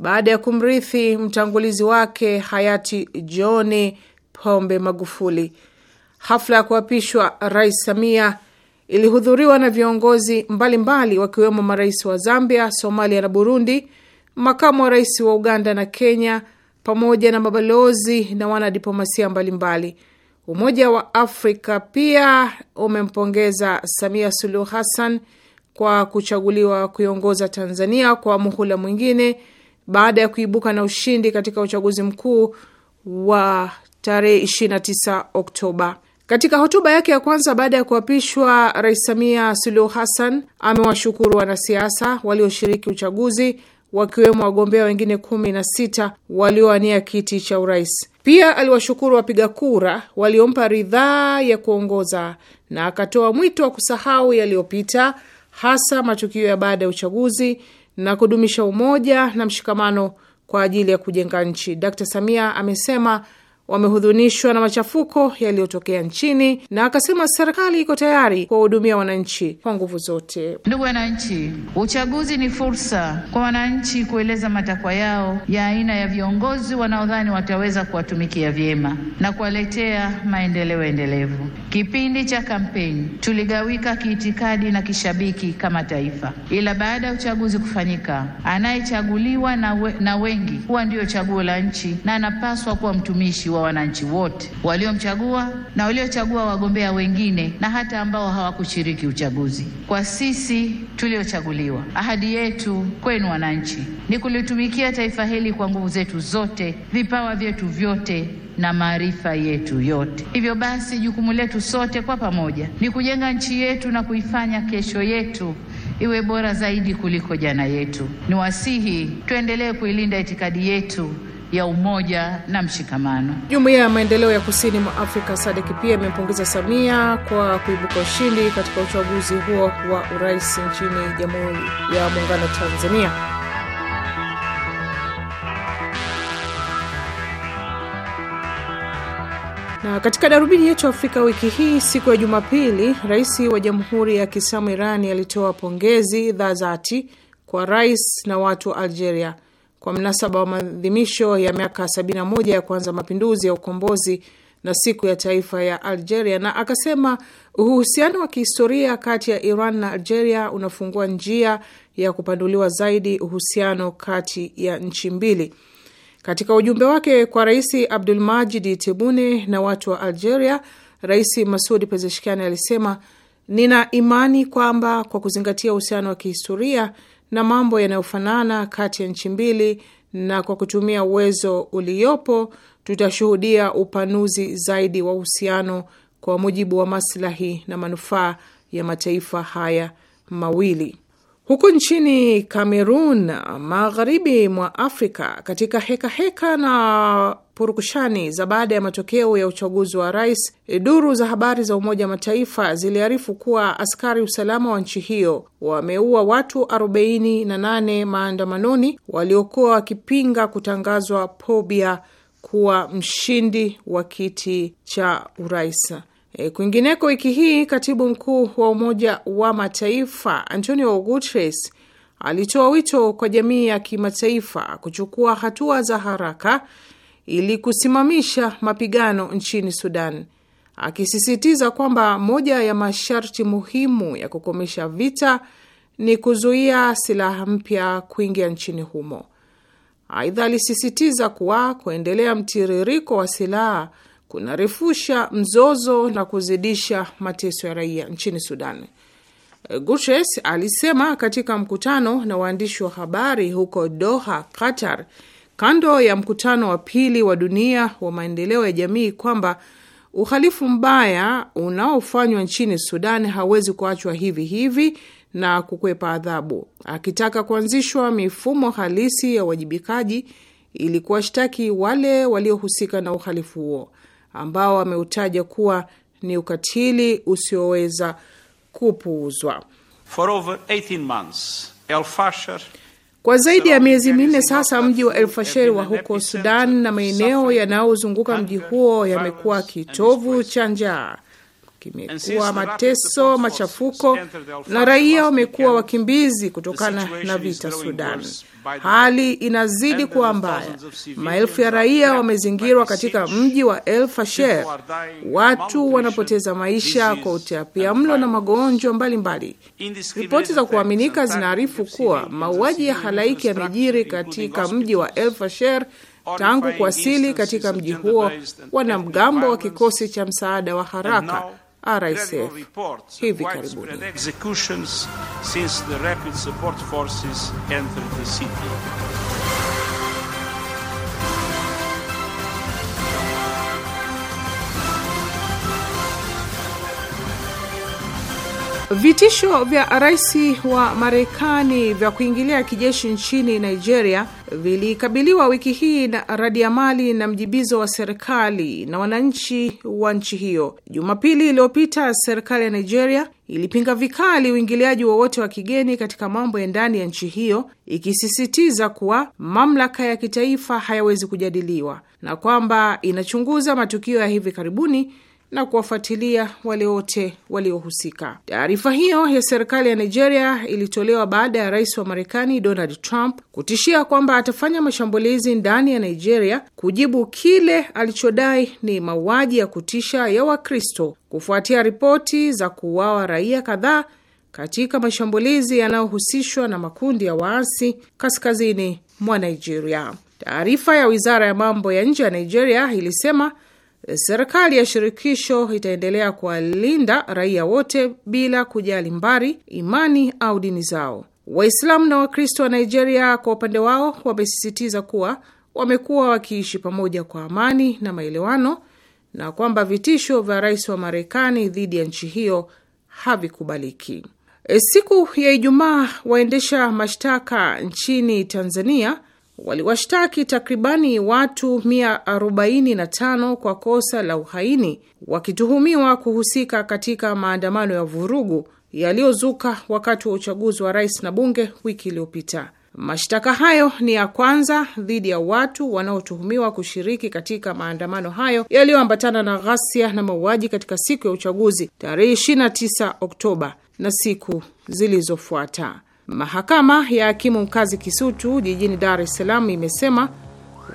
baada ya kumrithi mtangulizi wake hayati John Pombe Magufuli. Hafla ya kuapishwa Rais Samia ilihudhuriwa na viongozi mbalimbali wakiwemo marais wa Zambia, Somalia na Burundi, makamu wa rais wa Uganda na Kenya, pamoja na mabalozi na wanadiplomasia mbalimbali. Umoja wa Afrika pia umempongeza Samia Suluhu Hassan kwa kuchaguliwa kuiongoza Tanzania kwa muhula mwingine baada ya kuibuka na ushindi katika uchaguzi mkuu wa tarehe 29 Oktoba. Katika hotuba yake ya kwanza baada ya kuapishwa, Rais Samia Suluhu Hassan amewashukuru wanasiasa walioshiriki uchaguzi wakiwemo wagombea wengine kumi na sita walioania kiti cha urais. Pia aliwashukuru wapiga kura waliompa ridhaa ya kuongoza na akatoa mwito wa kusahau yaliyopita, hasa matukio ya baada ya uchaguzi na kudumisha umoja na mshikamano kwa ajili ya kujenga nchi. Dkt. Samia amesema wamehudhunishwa na machafuko yaliyotokea nchini na akasema serikali iko tayari kuwahudumia wananchi kwa nguvu zote. Ndugu wananchi, uchaguzi ni fursa kwa wananchi kueleza matakwa yao ya aina ya viongozi wanaodhani wataweza kuwatumikia vyema na kuwaletea maendeleo endelevu. Kipindi cha kampeni tuligawika kiitikadi na kishabiki kama taifa, ila baada ya uchaguzi kufanyika, anayechaguliwa na, we, na wengi huwa ndiyo chaguo la nchi na anapaswa kuwa mtumishi wa kwa wananchi wote waliomchagua na waliochagua wagombea wengine na hata ambao hawakushiriki uchaguzi. Kwa sisi tuliochaguliwa, ahadi yetu kwenu wananchi ni kulitumikia taifa hili kwa nguvu zetu zote, vipawa vyetu vyote na maarifa yetu yote. Hivyo basi, jukumu letu sote kwa pamoja ni kujenga nchi yetu na kuifanya kesho yetu iwe bora zaidi kuliko jana yetu. Niwasihi tuendelee kuilinda itikadi yetu ya umoja na mshikamano. Jumuiya ya maendeleo ya kusini mwa Afrika SADC pia imempongeza Samia kwa kuibuka ushindi katika uchaguzi huo wa urais nchini Jamhuri ya Muungano wa Tanzania. Na katika darubini yetu Afrika wiki hii, siku ya Jumapili, rais wa Jamhuri ya Kiislamu Irani alitoa pongezi dha dhati kwa rais na watu wa Algeria kwa mnasaba wa maadhimisho ya miaka 71 ya kuanza mapinduzi ya ukombozi na siku ya taifa ya Algeria, na akasema uhusiano wa kihistoria kati ya Iran na Algeria unafungua njia ya kupanduliwa zaidi uhusiano kati ya nchi mbili. Katika ujumbe wake kwa Rais Abdulmajid tebune na watu wa Algeria, Rais Masudi Pezeshkian alisema, nina imani kwamba kwa kuzingatia uhusiano wa kihistoria na mambo yanayofanana kati ya nchi mbili, na kwa kutumia uwezo uliopo tutashuhudia upanuzi zaidi wa uhusiano kwa mujibu wa maslahi na manufaa ya mataifa haya mawili. Huku nchini Kamerun, magharibi mwa Afrika, katika hekaheka heka na purukushani za baada ya matokeo ya uchaguzi wa rais, duru za habari za Umoja wa Mataifa ziliarifu kuwa askari usalama wa nchi hiyo wameua watu 48 maandamanoni waliokuwa wakipinga kutangazwa Pobia kuwa mshindi wa kiti cha urais. E, kwingineko wiki hii katibu mkuu wa Umoja wa Mataifa Antonio Guterres alitoa wito kwa jamii ya kimataifa kuchukua hatua za haraka ili kusimamisha mapigano nchini Sudan, akisisitiza kwamba moja ya masharti muhimu ya kukomesha vita ni kuzuia silaha mpya kuingia nchini humo. Aidha, alisisitiza kuwa kuendelea mtiririko wa silaha kunarefusha mzozo na kuzidisha mateso ya raia nchini Sudan. Eh, Guterres alisema katika mkutano na waandishi wa habari huko Doha, Qatar, kando ya mkutano wa pili wa dunia wa maendeleo ya jamii kwamba uhalifu mbaya unaofanywa nchini Sudan hawezi kuachwa hivi hivi na kukwepa adhabu, akitaka kuanzishwa mifumo halisi ya uwajibikaji ili kuwashtaki wale waliohusika na uhalifu huo ambao wameutaja kuwa ni ukatili usioweza kupuuzwa. Kwa zaidi ya miezi minne sasa, mji wa elfasher wa huko Sudan na maeneo yanayozunguka mji huo yamekuwa kitovu cha njaa kimekuwa mateso, machafuko na raia wamekuwa wakimbizi kutokana na vita Sudan. Hali inazidi kuwa mbaya, maelfu ya raia wamezingirwa katika mji wa El Fasher, watu wanapoteza maisha kwa utapiamlo na magonjwa mbalimbali. Ripoti za kuaminika zinaarifu kuwa mauaji ya halaiki yamejiri katika mji wa El Fasher tangu kuwasili katika mji huo wanamgambo wa kikosi cha msaada wa haraka are I safe? Reports of widespread executions since the rapid support forces entered the city. Vitisho vya rais wa Marekani vya kuingilia kijeshi nchini Nigeria vilikabiliwa wiki hii na radiamali na mjibizo wa serikali na wananchi wa nchi hiyo. Jumapili iliyopita, serikali ya Nigeria ilipinga vikali uingiliaji wowote wa, wa kigeni katika mambo ya ndani ya nchi hiyo, ikisisitiza kuwa mamlaka ya kitaifa hayawezi kujadiliwa na kwamba inachunguza matukio ya hivi karibuni na kuwafuatilia wale wote waliohusika. Taarifa hiyo ya serikali ya Nigeria ilitolewa baada ya rais wa Marekani Donald Trump kutishia kwamba atafanya mashambulizi ndani ya Nigeria kujibu kile alichodai ni mauaji ya kutisha ya Wakristo kufuatia ripoti za kuuawa raia kadhaa katika mashambulizi yanayohusishwa na makundi ya waasi kaskazini mwa Nigeria. Taarifa ya wizara ya mambo ya nje ya Nigeria ilisema Serikali ya shirikisho itaendelea kuwalinda raia wote bila kujali mbari, imani au dini zao. Waislamu na Wakristo wa Nigeria kwa upande wao wamesisitiza kuwa wamekuwa wakiishi pamoja kwa amani na maelewano na kwamba vitisho vya rais wa Marekani dhidi ya nchi hiyo havikubaliki. E, siku ya Ijumaa, waendesha mashtaka nchini Tanzania waliwashtaki takribani watu 145 kwa kosa la uhaini, wakituhumiwa kuhusika katika maandamano ya vurugu yaliyozuka wakati wa uchaguzi wa rais na bunge wiki iliyopita. Mashtaka hayo ni ya kwanza dhidi ya watu wanaotuhumiwa kushiriki katika maandamano hayo yaliyoambatana na ghasia na mauaji katika siku ya uchaguzi tarehe 29 Oktoba na siku zilizofuata. Mahakama ya hakimu mkazi Kisutu jijini Dar es Salaam imesema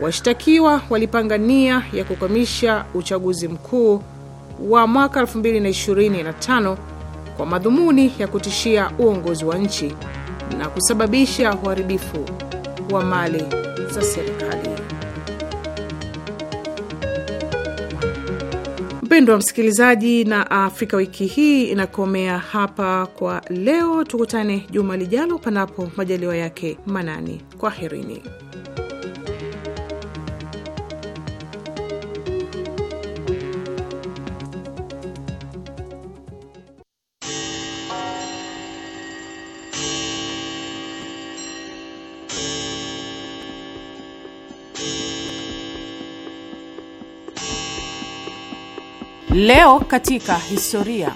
washtakiwa walipanga nia ya kukwamisha uchaguzi mkuu wa mwaka 2025 kwa madhumuni ya kutishia uongozi wa nchi na kusababisha uharibifu wa mali za serikali. Mpendwa msikilizaji, na Afrika wiki hii inakomea hapa kwa leo. Tukutane juma lijalo, panapo majaliwa yake Manani. Kwaherini. Leo katika historia.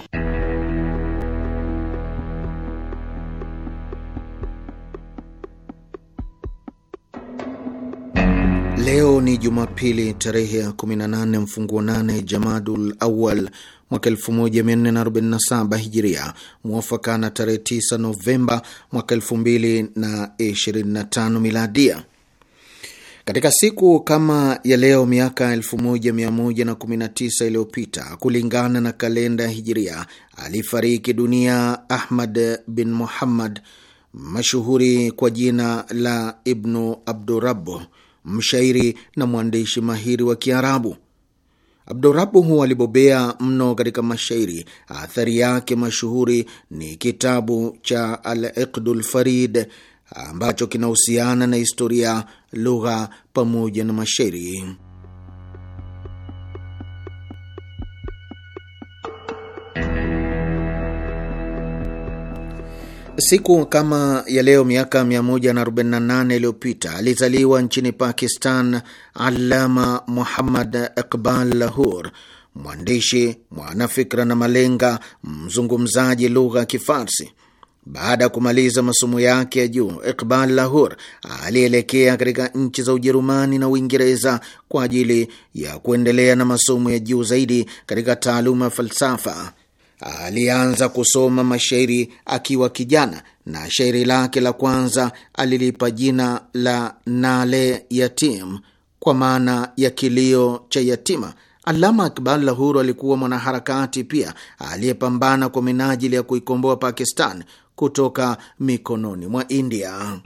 Leo ni Jumapili tarehe ya 18 mfunguo 8 Jamadul Awal mwaka 1447 Hijiria, mwafaka na tarehe 9 Novemba mwaka 2025 Miladia. Katika siku kama ya leo miaka 1119 iliyopita kulingana na kalenda Hijiria, alifariki dunia Ahmad bin Muhammad mashuhuri kwa jina la Ibnu Abdurabu, mshairi na mwandishi mahiri wa Kiarabu. Abdurabuhu alibobea mno katika mashairi. Athari yake mashuhuri ni kitabu cha Al Iqdu Lfarid ambacho kinahusiana na historia lugha pamoja na mashairi. Siku kama ya leo miaka 148 iliyopita alizaliwa nchini Pakistan Alama Muhammad Iqbal Lahur, mwandishi, mwanafikra na malenga, mzungumzaji lugha ya Kifarsi. Baada ya kumaliza masomo yake ya juu, Iqbal Lahur alielekea katika nchi za Ujerumani na Uingereza kwa ajili ya kuendelea na masomo ya juu zaidi katika taaluma ya falsafa. Alianza kusoma mashairi akiwa kijana, na shairi lake la kwanza alilipa jina la Nale Yatim, kwa maana ya kilio cha yatima. Alama Akbar Lahur alikuwa mwanaharakati pia aliyepambana kwa minajili ya kuikomboa Pakistan kutoka mikononi mwa India.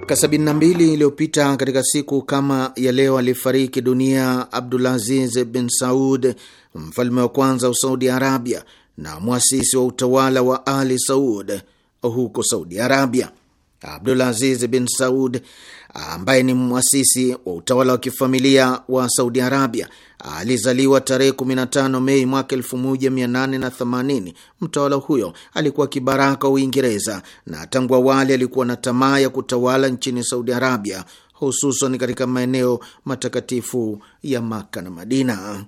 Miaka 72 iliyopita katika siku kama ya leo alifariki dunia Abdulaziz bin Saud, mfalme wa kwanza wa Saudi Arabia na mwasisi wa utawala wa Ali Saud huko Saudi Arabia. Abdul Aziz bin Saud ambaye ni mwasisi wa utawala wa kifamilia wa Saudi Arabia alizaliwa tarehe 15 Mei mwaka 1880. Mtawala huyo alikuwa kibaraka wa Uingereza na tangu awali alikuwa na tamaa ya kutawala nchini Saudi Arabia, hususan katika maeneo matakatifu ya Maka na Madina.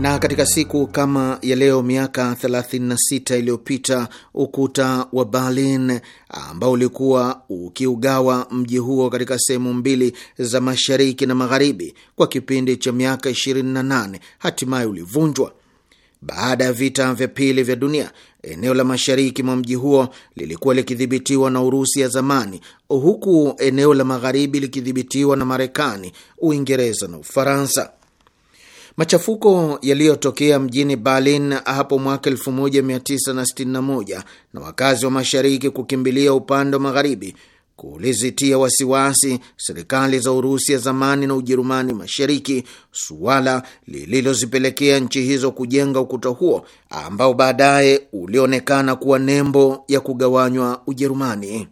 Na katika siku kama ya leo miaka 36 iliyopita ukuta wa Berlin ambao ulikuwa ukiugawa mji huo katika sehemu mbili za mashariki na magharibi kwa kipindi cha miaka 28 hatimaye ulivunjwa. Baada ya vita vya pili vya dunia, eneo la mashariki mwa mji huo lilikuwa likidhibitiwa na Urusi ya zamani, huku eneo la magharibi likidhibitiwa na Marekani, Uingereza na Ufaransa. Machafuko yaliyotokea mjini Berlin hapo mwaka 1961 na wakazi wa mashariki kukimbilia upande wa magharibi kulizitia wasiwasi serikali za Urusi ya zamani na Ujerumani Mashariki, suala lililozipelekea nchi hizo kujenga ukuta huo ambao baadaye ulionekana kuwa nembo ya kugawanywa Ujerumani.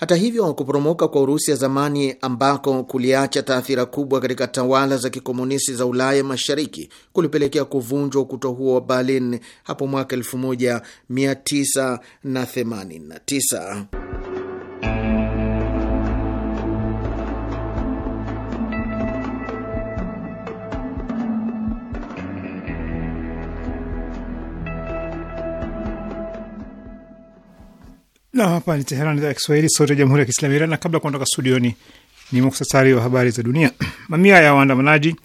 Hata hivyo, kuporomoka kwa Urusi ya zamani ambako kuliacha taathira kubwa katika tawala za kikomunisti za Ulaya Mashariki kulipelekea kuvunjwa ukuta huo wa Berlin hapo mwaka 1989. Na hapa ni Teherani, idhaa ya Kiswahili, sauti ya jamhuri ya kiislamu Iran. Na kabla ya kuondoka studioni, ni muktasari wa habari za dunia. <clears throat> Mamia ya waandamanaji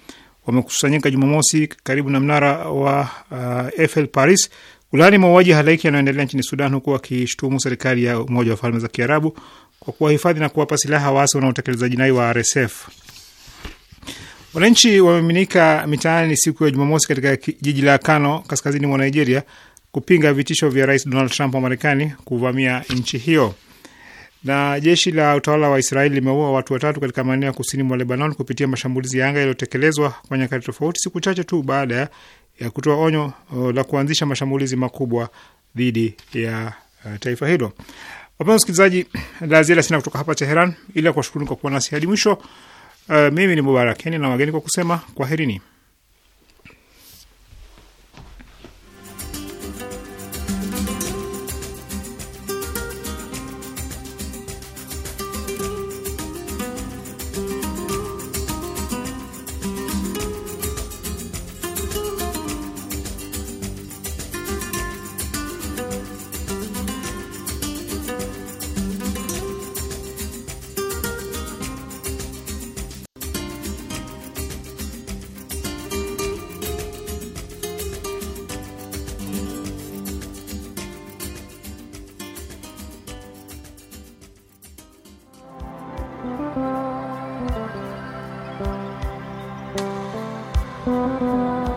wamekusanyika Jumamosi karibu na mnara wa uh, Eiffel Paris kulaani mauaji halaiki yanayoendelea nchini Sudan, huku wakishtumu serikali ya Umoja wa Falme za Kiarabu kwa kuwahifadhi na kuwapa silaha waasi wanaotekeleza jinai wa RSF. Wananchi wamemiminika mitaani siku ya Jumamosi katika jiji la Kano, kaskazini mwa Nigeria, kupinga vitisho vya rais Donald Trump wa Marekani kuvamia nchi hiyo. Na jeshi la utawala wa Israeli limeua watu watatu katika maeneo ya kusini mwa Lebanon kupitia mashambulizi ya anga yaliyotekelezwa kwa nyakati tofauti, siku chache tu baada ya kutoa onyo uh, la kuanzisha mashambulizi makubwa dhidi ya uh, taifa hilo. Wapenzi wasikilizaji, la ziada sina kutoka hapa Teheran, ila kuwashukuruni kwa kuwa nasi hadi mwisho. Uh, mimi ni Mubarakeni na wageni kwa kusema kwaherini. Música